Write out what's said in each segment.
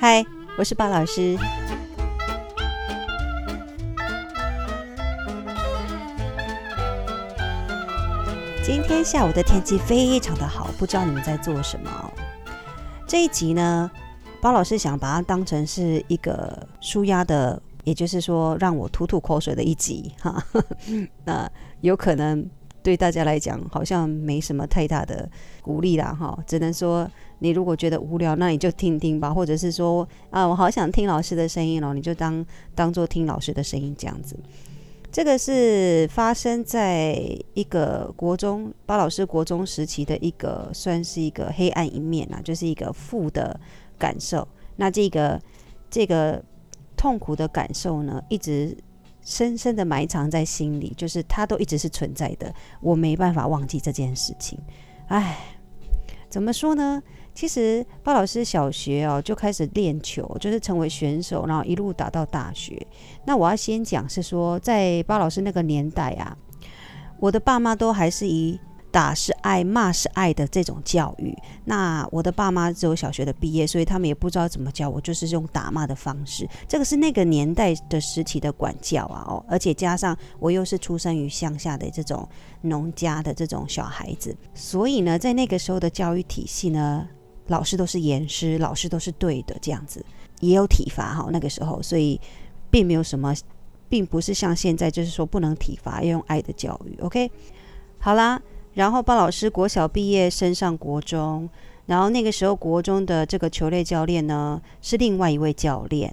嗨，我是巴老師。今天下午的天氣非常的好，不知道你們在做什麼？這一集呢，巴老師想把它當成是一個紓壓的，也就是說讓我吐吐口水的一集哈。那有可能。對大家來講，好像沒什麼太大的鼓勵啦，哈，只能說你如果覺得無聊，那你就聽聽吧；或者是說啊，我好想聽老師的聲音哦，你就當當做聽老師的聲音這樣子。這個是發生在一個國中，巴老師國中時期的一個，算是一個黑暗一面啦，啊，就是一個負的感受。那這個這個痛苦的感受呢，一直。深深的埋藏在心裡，就是它都一直是存在的，我沒辦法忘記這件事情。唉，怎麼說呢？其實巴老師小學哦就開始練球，就是成為選手，然後一路打到大學。那我要先講是說，在巴老師那個年代啊，我的爸媽都還是以。打是愛，罵是愛的這種教育。那我的爸媽只有小學的畢業，所以他們也不知道怎麼教我，就是用打罵的方式。這個是那個年代的時期的管教啊，哦，而且加上我又是出生於鄉下的這種農家的這種小孩子，所以呢，在那個時候的教育體系呢，老師都是嚴師，老師都是對的這樣子，也有體罰哈。那個時候，所以並沒有什麼，並不是像現在就是說不能體罰，要用愛的教育。OK，好啦。然後巴老師國小畢業升上國中，然後那個時候國中的這個球類教練呢，是另外一位教練。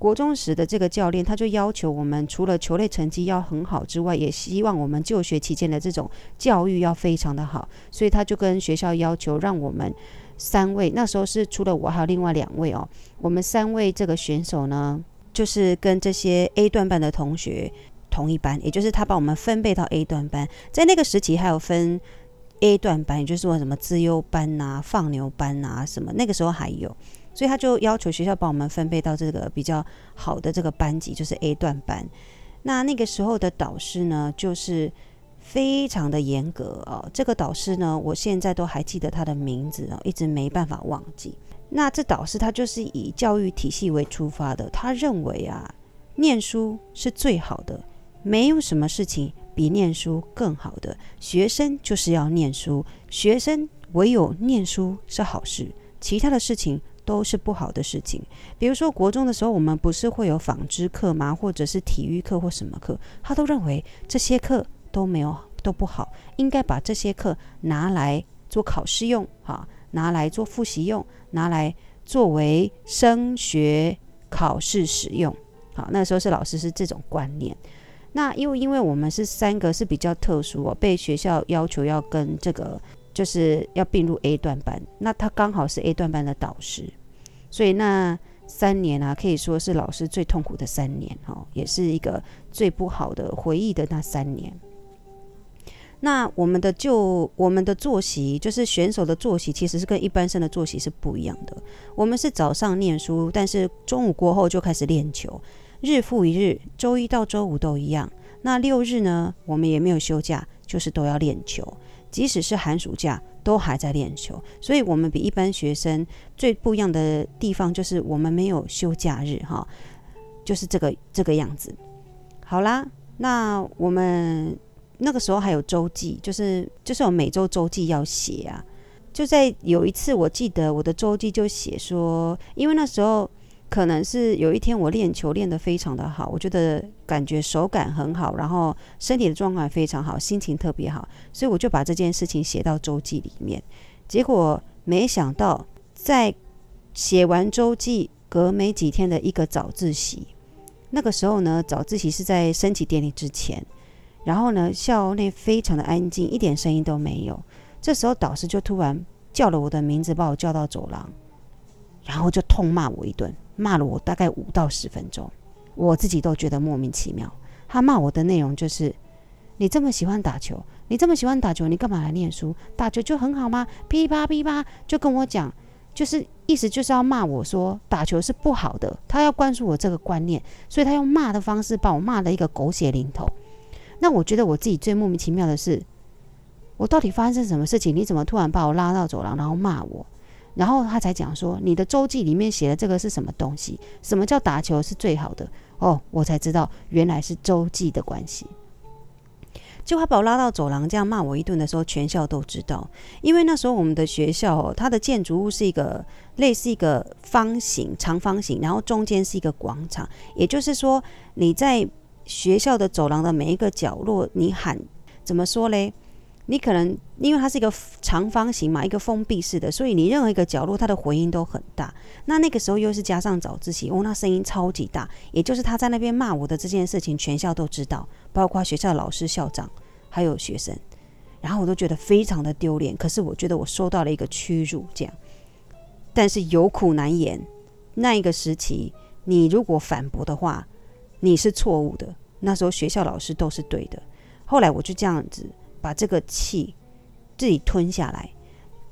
國中時的這個教練，他就要求我們除了球類成績要很好之外，也希望我們就學期間的這種教育要非常的好，所以他就跟學校要求讓我們三位，那時候是除了我還有另外兩位哦，我們三位這個選手呢，就是跟這些 A 段班的同學。同一班，也就是他把我們分配到 A 段班。在那個時期還有分 A 段班，也就是說什麼資優班啊、放牛班啊什麼，那個時候還有，所以他就要求學校把我們分配到這個比較好的這個班級，就是 A 段班。那那個時候的導師呢，就是非常的嚴格哦。這個導師呢，我現在都還記得他的名字哦，一直沒辦法忘記。那這導師他就是以教育體系為出發的，他認為啊，念書是最好的。沒有什麼事情比念書更好的。學生就是要念書，學生唯有念書是好事，其他的事情都是不好的事情。比如說，國中的時候，我們不是會有紡織課嗎？或者是體育課或什麼課？他都認為這些課都沒有都不好，應該把這些課拿來做考試用，哈，拿來做復習用，拿來作為升學考試使用。好，那時候是老師是這種觀念。那因為因為我們是三個是比較特殊哦，被學校要求要跟這個就是要併入 A 段班，那他剛好是 A 段班的導師，所以那三年啊可以說是老師最痛苦的三年哦，也是一個最不好的回憶的那三年。那我們的就我們的作息就是選手的作息其實是跟一般生的作息是不一樣的，我們是早上念書，但是中午過後就開始練球。日復一日，周一到周五都一樣。那六日呢？我們也沒有休假，就是都要練球。即使是寒暑假，都還在練球。所以，我們比一般學生最不一樣的地方，就是我們沒有休假日，哈，就是這個這個樣子。好啦，那我們那個時候還有周記，就是就是我每周周記要寫啊。就在有一次，我記得我的周記就寫說，因為那時候。可能是有一天我練球練得非常的好，我覺得感覺手感很好，然後身體的狀況也非常好，心情特別好，所以我就把這件事情寫到周記裡面。結果沒想到，在寫完周記隔沒幾天的一個早自習，那個時候呢早自習是在升旗典禮之前，然後呢校內非常的安靜，一點聲音都沒有。這時候導師就突然叫了我的名字，把我叫到走廊，然後就痛罵我一頓。罵了我大概五到十分鐘，我自己都覺得莫名其妙。他罵我的內容就是：你這麼喜歡打球，你這麼喜歡打球，你幹嘛來念書？打球就很好嗎？噼啪噼啪，就跟我講，就是意思就是要罵我說打球是不好的。他要灌輸我這個觀念，所以他用罵的方式把我罵了一個狗血淋頭。那我覺得我自己最莫名其妙的是，我到底發生什麼事情？你怎麼突然把我拉到走廊，然後罵我？然後他才講說，你的周記裡面寫的這個是什麼東西？什麼叫打球是最好的？哦，我才知道原來是周記的關係。就他把我拉到走廊這樣罵我一頓的時候，全校都知道。因為那時候我們的學校哦，它的建築物是一個類似一個方形、長方形，然後中間是一個廣場。也就是說，你在學校的走廊的每一個角落，你喊怎麼說嘞？你可能因為它是一個長方形嘛，一個封閉式的，所以你任何一個角落，它的回音都很大。那那個時候又是加上早自習，哦，那聲音超級大。也就是他在那邊罵我的這件事情，全校都知道，包括學校老師、校長，還有學生。然後我都覺得非常的丟臉，可是我覺得我受到了一個屈辱，這樣。但是有苦難言。那一個時期，你如果反駁的話，你是錯誤的。那時候學校老師都是對的。後來我就這樣子。把這個氣自己吞下來，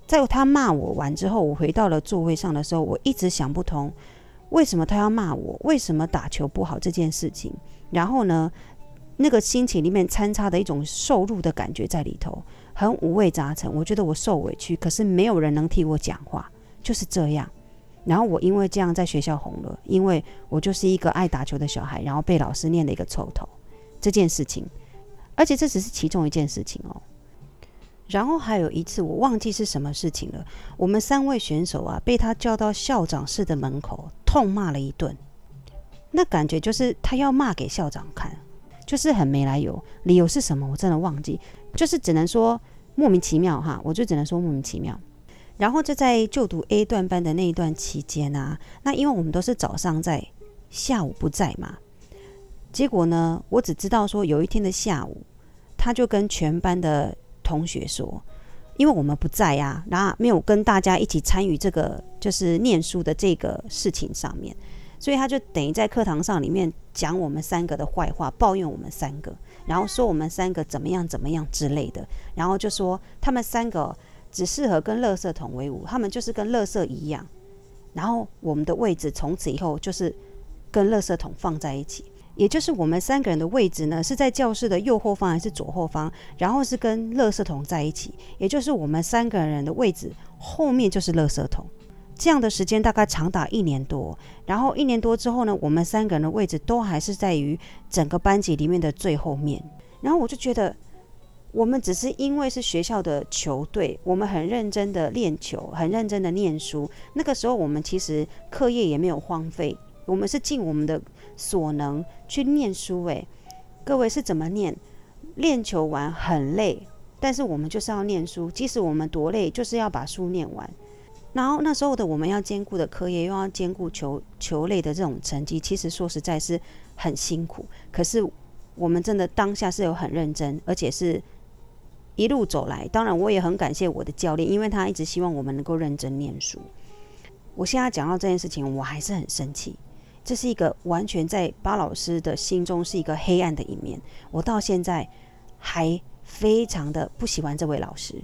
在他罵我完之後，我回到了座位上的時候，我一直想不通為什麼他要罵我，為什麼打球不好這件事情。然後呢，那個心情裡面摻雜的一種受辱的感覺在裡頭，很五味雜陳。我覺得我受委屈，可是沒有人能替我講話，就是這樣。然後我因為這樣在學校紅了，因為我就是一個愛打球的小孩，然後被老師念了一個臭頭，這件事情。而且這只是其中一件事情哦，然後還有一次我忘記是什麼事情了。我們三位選手啊，被他叫到校長室的門口痛罵了一頓，那感覺就是他要罵給校長看，就是很沒來由。理由是什麼？我真的忘記，就是只能說莫名其妙哈。我就只能說莫名其妙。然後就在就讀 A 段班的那一段期間啊，那因為我們都是早上在，下午不在嘛。結果呢？我只知道說，有一天的下午，他就跟全班的同學說：“因為我們不在呀、啊，然後沒有跟大家一起參與這個就是念書的這個事情上面，所以他就等於在課堂上裡面講我們三個的壞話，抱怨我們三個，然後說我們三個怎麼樣怎麼樣之類的，然後就說他們三個只適合跟垃圾桶為伍，他們就是跟垃圾一樣，然後我們的位置從此以後就是跟垃圾桶放在一起。”也就是我們三個人的位置呢，是在教室的右後方還是左後方？然後是跟垃圾桶在一起。也就是我們三個人的位置後面就是垃圾桶。這樣的時間大概長達一年多。然後一年多之後呢，我們三個人的位置都還是在於整個班級裡面的最後面。然後我就覺得，我們只是因為是學校的球隊，我們很認真的練球，很認真的念書。那個時候我們其實課業也沒有荒廢。我們是盡我們的所能去念書，誒，各位是怎麼念？練球完很累，但是我們就是要念書，即使我們多累，就是要把書念完。然後那時候的我們要兼顧的課業，又要兼顧球球類的這種成績，其實說實在是很辛苦。可是我們真的當下是有很認真，而且是一路走來。當然，我也很感謝我的教練，因為他一直希望我們能夠認真念書。我現在講到這件事情，我還是很生氣。這是一個完全在巴老師的心中是一個黑暗的一面，我到現在還非常的不喜歡這位老師，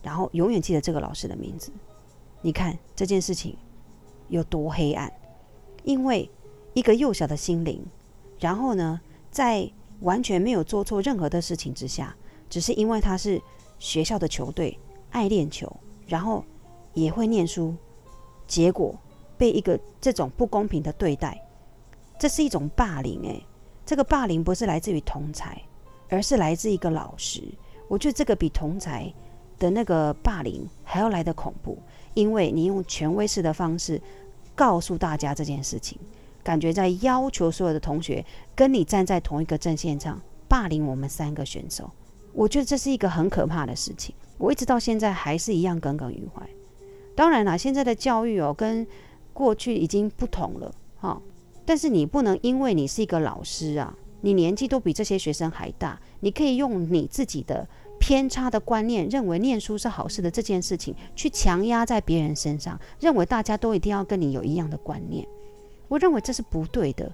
然後永遠記得這個老師的名字。你看這件事情有多黑暗？因為一個幼小的心靈，然後呢，在完全沒有做錯任何的事情之下，只是因為他是學校的球隊愛練球，然後也會念書，結果。被一個這種不公平的對待，這是一種霸凌誒、欸，這個霸凌不是來自於同儕，而是來自一個老師。我覺得這個比同儕的那個霸凌還要來得恐怖，因為你用權威式的方式告訴大家這件事情，感覺在要求所有的同學跟你站在同一個陣線上霸凌我們三個選手。我覺得這是一個很可怕的事情，我一直到現在還是一樣耿耿於懷。當然啦，現在的教育哦跟過去已經不同了，哈、哦！但是你不能因為你是一個老師啊，你年紀都比這些學生還大，你可以用你自己的偏差的觀念，認為念書是好事的這件事情，去強壓在別人身上，認為大家都一定要跟你有一樣的觀念。我認為這是不對的，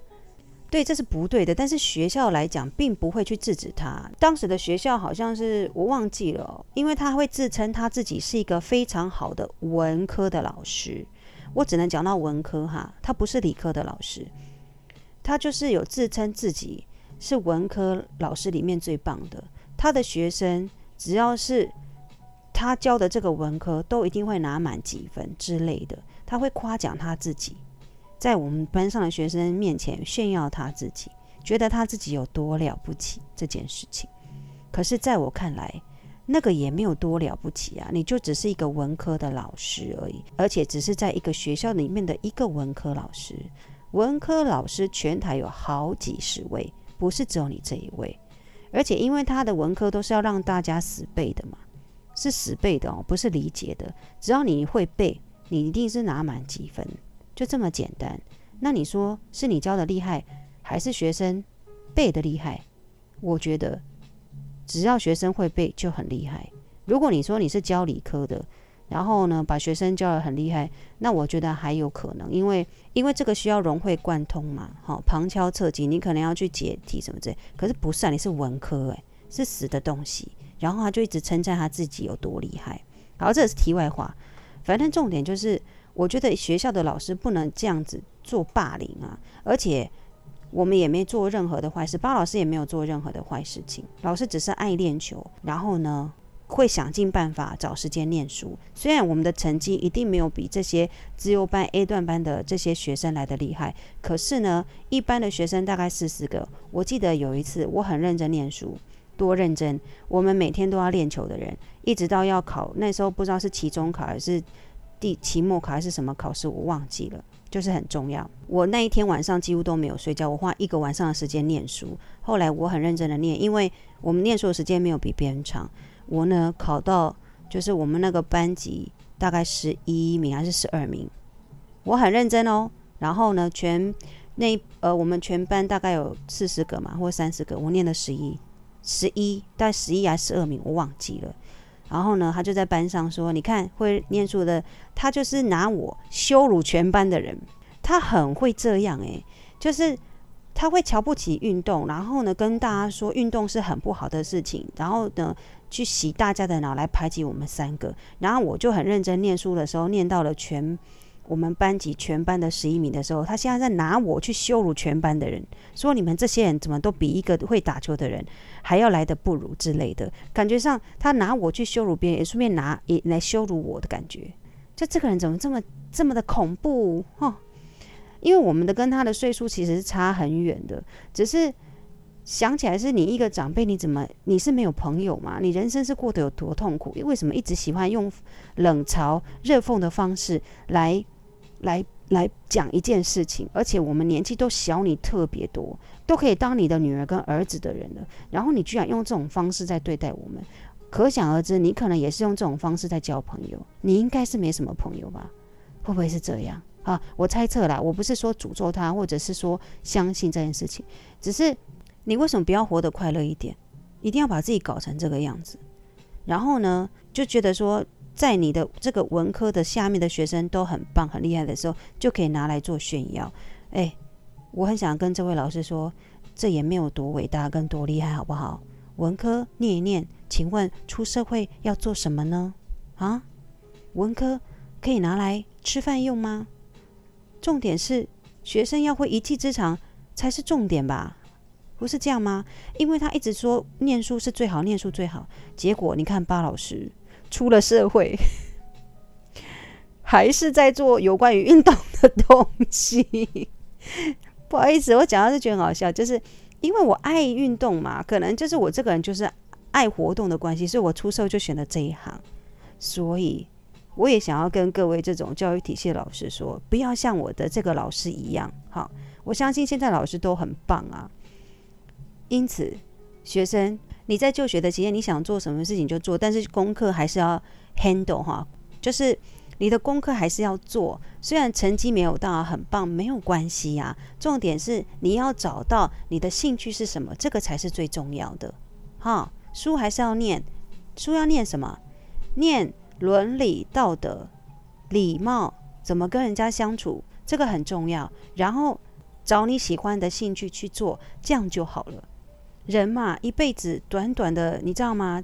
對，這是不對的。但是學校來講，並不會去制止他。當時的學校好像是我忘記了、喔，因為他會自稱他自己是一個非常好的文科的老師。我只能講到文科哈，他不是理科的老師，他就是有自稱自己是文科老師裡面最棒的，他的學生只要是他教的這個文科，都一定會拿滿幾分之類的，他會誇獎他自己，在我們班上的學生面前炫耀他自己，覺得他自己有多了不起這件事情，可是，在我看來。那個也沒有多了不起啊，你就只是一個文科的老師而已，而且只是在一個學校裡面的一個文科老師。文科老師全台有好幾十位，不是只有你這一位。而且因為他的文科都是要讓大家死背的嘛，是死背的哦，不是理解的。只要你會背，你一定是拿滿幾分，就這麼簡單。那你說是你教的厲害，還是學生背的厲害？我覺得。只要學生會背就很厲害。如果你說你是教理科的，然後呢，把學生教得很厲害，那我覺得還有可能，因為因為這個需要融會貫通嘛，好，旁敲側擊，你可能要去解題什麼之類的。可是不是啊，你是文科誒，是死的東西。然後他就一直稱讚他自己有多厲害。好，這是題外話。反正重點就是，我覺得學校的老師不能這樣子做霸凌啊，而且。我們也沒做任何的壞事，巴老師也沒有做任何的壞事情。老師只是愛練球，然後呢，會想盡辦法找時間念書。雖然我們的成績一定沒有比這些資優班、A 段班的這些學生來得厲害，可是呢，一般的學生大概四十個。我記得有一次，我很認真念書，多認真。我們每天都要練球的人，一直到要考，那時候不知道是期中考還是。第期末考還是什麼考試我忘記了，就是很重要。我那一天晚上幾乎都沒有睡覺，我花一個晚上的時間念書。後來我很認真的念，因為我們念書的時間沒有比別人長。我呢，考到就是我們那個班級大概十一名還是十二名，我很認真哦。然後呢，全那，呃，我們全班大概有四十個嘛，或三十個，我念了十一十一，但十一還是十二名，我忘記了。然後呢，他就在班上說：“你看會念書的，他就是拿我羞辱全班的人。他很會這樣誒，就是他會瞧不起運動，然後呢跟大家說運動是很不好的事情，然後呢去洗大家的腦來排擠我們三個。然後我就很認真念書的時候，念到了全。”我們班級全班的十一名的時候，他現在在拿我去羞辱全班的人，說你們這些人怎麼都比一個會打球的人還要來的不如之類的，感覺上他拿我去羞辱別人，也順便拿也來羞辱我的感覺。就這個人怎麼這麼這麼的恐怖哦？因為我們的跟他的歲數其實是差很遠的，只是想起來是你一個長輩，你怎麼你是沒有朋友嘛？你人生是過得有多痛苦？為什麼一直喜歡用冷嘲熱諷的方式來？來來講一件事情，而且我們年紀都小你特別多，都可以當你的女兒跟兒子的人了。然後你居然用這種方式在對待我們，可想而知，你可能也是用這種方式在交朋友。你應該是沒什麼朋友吧？會不會是這樣啊？我猜測啦，我不是說詛咒他，或者是說相信這件事情，只是你為什麼不要活得快樂一點？一定要把自己搞成這個樣子，然後呢，就覺得說。在你的這個文科的下面的學生都很棒、很厲害的時候，就可以拿來做炫耀。哎，我很想跟這位老師說，這也沒有多偉大跟多厲害，好不好？文科念一念，請問出社會要做什麼呢？啊，文科可以拿來吃飯用嗎？重點是學生要會一技之長才是重點吧？不是這樣嗎？因為他一直說念書是最好，念書最好。結果你看巴老師。出了社會，還是在做有關於運動的東西。 不好意思，我講到是覺得很好笑，就是因為我愛運動嘛，可能就是我這個人就是愛活動的關係，所以我出社會就選了這一行。所以我也想要跟各位這種教育體系的老師說，不要像我的這個老師一樣。好，我相信現在老師都很棒啊。因此，學生。你在就學的期間，你想做什麼事情就做，但是功課還是要 handle 哈，就是你的功課還是要做，雖然成績沒有到很棒，沒有關係呀，啊。重點是你要找到你的興趣是什麼，這個才是最重要的。哈，書還是要念，書要念什麼？念倫理道德、禮貌，怎麼跟人家相處，這個很重要。然後找你喜歡的興趣去做，這樣就好了。人嘛，一輩子短短的，你知道嗎？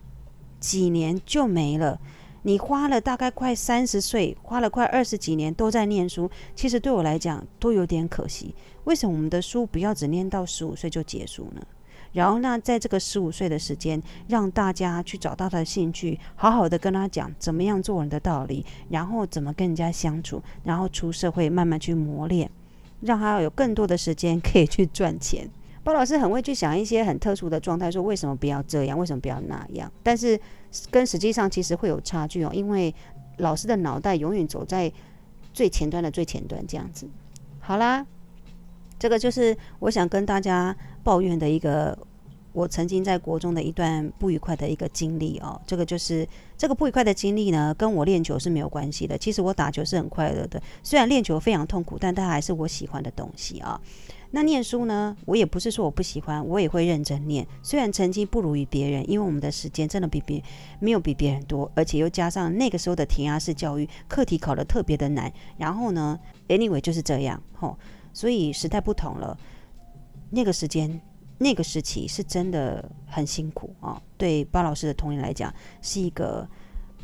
幾年就沒了。你花了大概快三十歲，花了快二十幾年都在念書，其實對我來講都有點可惜。為什麼我們的書不要只念到十五歲就結束呢？然後，那在這個十五歲的時間，讓大家去找到他的興趣，好好的跟他講怎麼樣做人的道理，然後怎麼跟人家相處，然後出社會慢慢去磨練，讓他有更多的時間可以去賺錢。巴老師很會去想一些很特殊的狀態，說為什麼不要這樣，為什麼不要那樣，但是跟實際上其實會有差距哦，因為老師的腦袋永遠走在最前端的最前端這樣子。好啦，這個就是我想跟大家抱怨的一個我曾經在國中的一段不愉快的一個經歷哦。這個就是這個不愉快的經歷呢，跟我練球是沒有關係的。其實我打球是很快樂的，雖然練球非常痛苦，但它還是我喜歡的東西啊。那念書呢？我也不是說我不喜歡，我也會認真念。雖然成績不如於別人，因為我們的時間真的比別沒有比別人多，而且又加上那個時候的填鴨式教育，課題考得特別的難。然後呢，anyway 就是這樣吼、哦。所以時代不同了，那個時間、那個時期是真的很辛苦啊、哦。對巴老師的童年來講，是一個。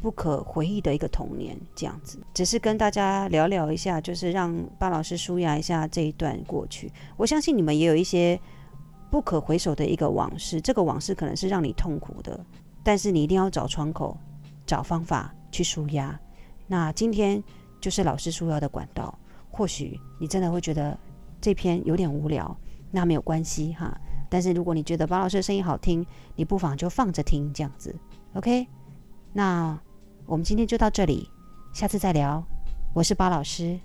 不可回憶的一個童年，這樣子，只是跟大家聊聊一下，就是讓巴老師紓壓一下這一段過去。我相信你們也有一些不可回首的一個往事，這個往事可能是讓你痛苦的，但是你一定要找窗口，找方法去紓壓。那今天就是老師紓壓的管道，或許你真的會覺得這篇有點無聊，那沒有關係哈。但是如果你覺得巴老師的聲音好聽，你不妨就放着聽這樣子，OK？那。我們今天就到這裡，下次再聊。我是巴老師。